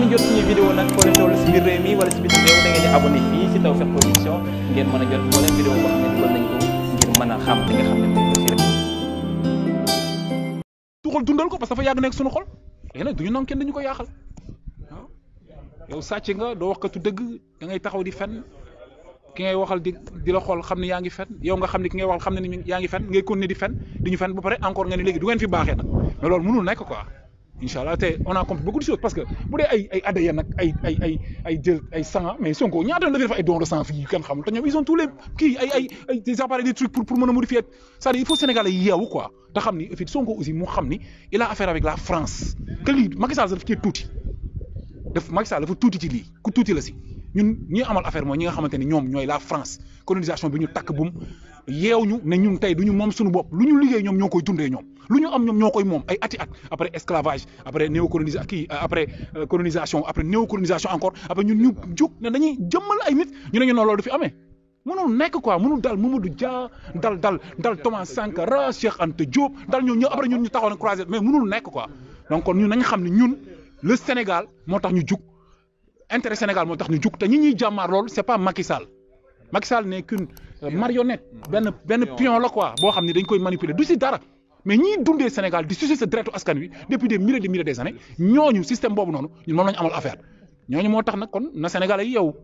ngeen jot da ngeen di abonné fii si Tawfekh Production ngeen mën a jot moo a xam li nga dundal ko parce que dafa nekk sunu xol léegi nag duñu nangu kenn dañu ko yaaxal ah yow sàcc nga doo wax katu dëgg da ngay taxaw di fenn ki ngay waxal di di la xool xam ne yaa ngi fen yow nga xam ne ki ngay waxal xam ne yaa ngi fen ngay continuer di fen di ñu fen ba pare encore nga ne léegi du ngeen fi baaxee nag mais loolu nekk quoi incha allah te on a compris beaucoup de choses parce que bu dee ay ay ay ay ay mais Sonko ñaata la def ay don de sang fii kenn xamul te ñoom ils ont tous les kii ay ay ay des des trucs pour pour mën a modifier c'est-à-dire il faut Sénégalais yi yeewu quoi xam ni fii Sonko aussi mu xam ni il a affaire avec la France que lii Macky Sall daf cee tuuti. def Macky Sall dafa tuuti ci lii ku tuuti la si ñun ñi amal affaire mooy ñi nga xamante ni ñoom ñooy la France colonisation bi ñu takk bum yeew ñu ne ñun tey du ñu moom sunu bopp lu ñu liggéey ñoom ñoo koy dundee ñoom lu ñu am ñoom ñoo koy moom ay ati at après esclavage après néocolonisation kii après euh, colonisation après néocolonisation encore après ñun ñu jóg ne dañuy jëmmal ay nit ñu ne ñu noonu loolu du fi amee. mënul nekk quoi mënul dal Mamadou Dia dal dal dal Thomas Sankara Cheikh Anta Diop dal ñoo ñu taxoon croisé mais mënul nekk quoi le Sénégal moo tax ñu jug intérêt Sénégal moo tax ñu jug te ñi ñuy jàmmaar loolu c'est pas Macky Sall Macky Sall n'est qu'une euh, marionnette benn benn pion la quoi boo xam ne dañ koy manipuler du si dara mais ñiy dundee Sénégal di sucer sa deretu askan wi depuis des milliers de milliers des années ñooñu système boobu noonu ñun moom lañu amal affaire ñooñu moo tax nag kon na Sénégal ay yow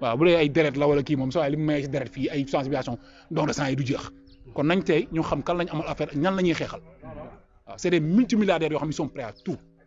waaw bu dee ay deret la wala kii moom soo waaye li mu mayee deret fii ay sensibilisation don de sang yi du xam kan lañ amal affaire ñan la ñuy xeexal waaw c'est des yoo ne ils sont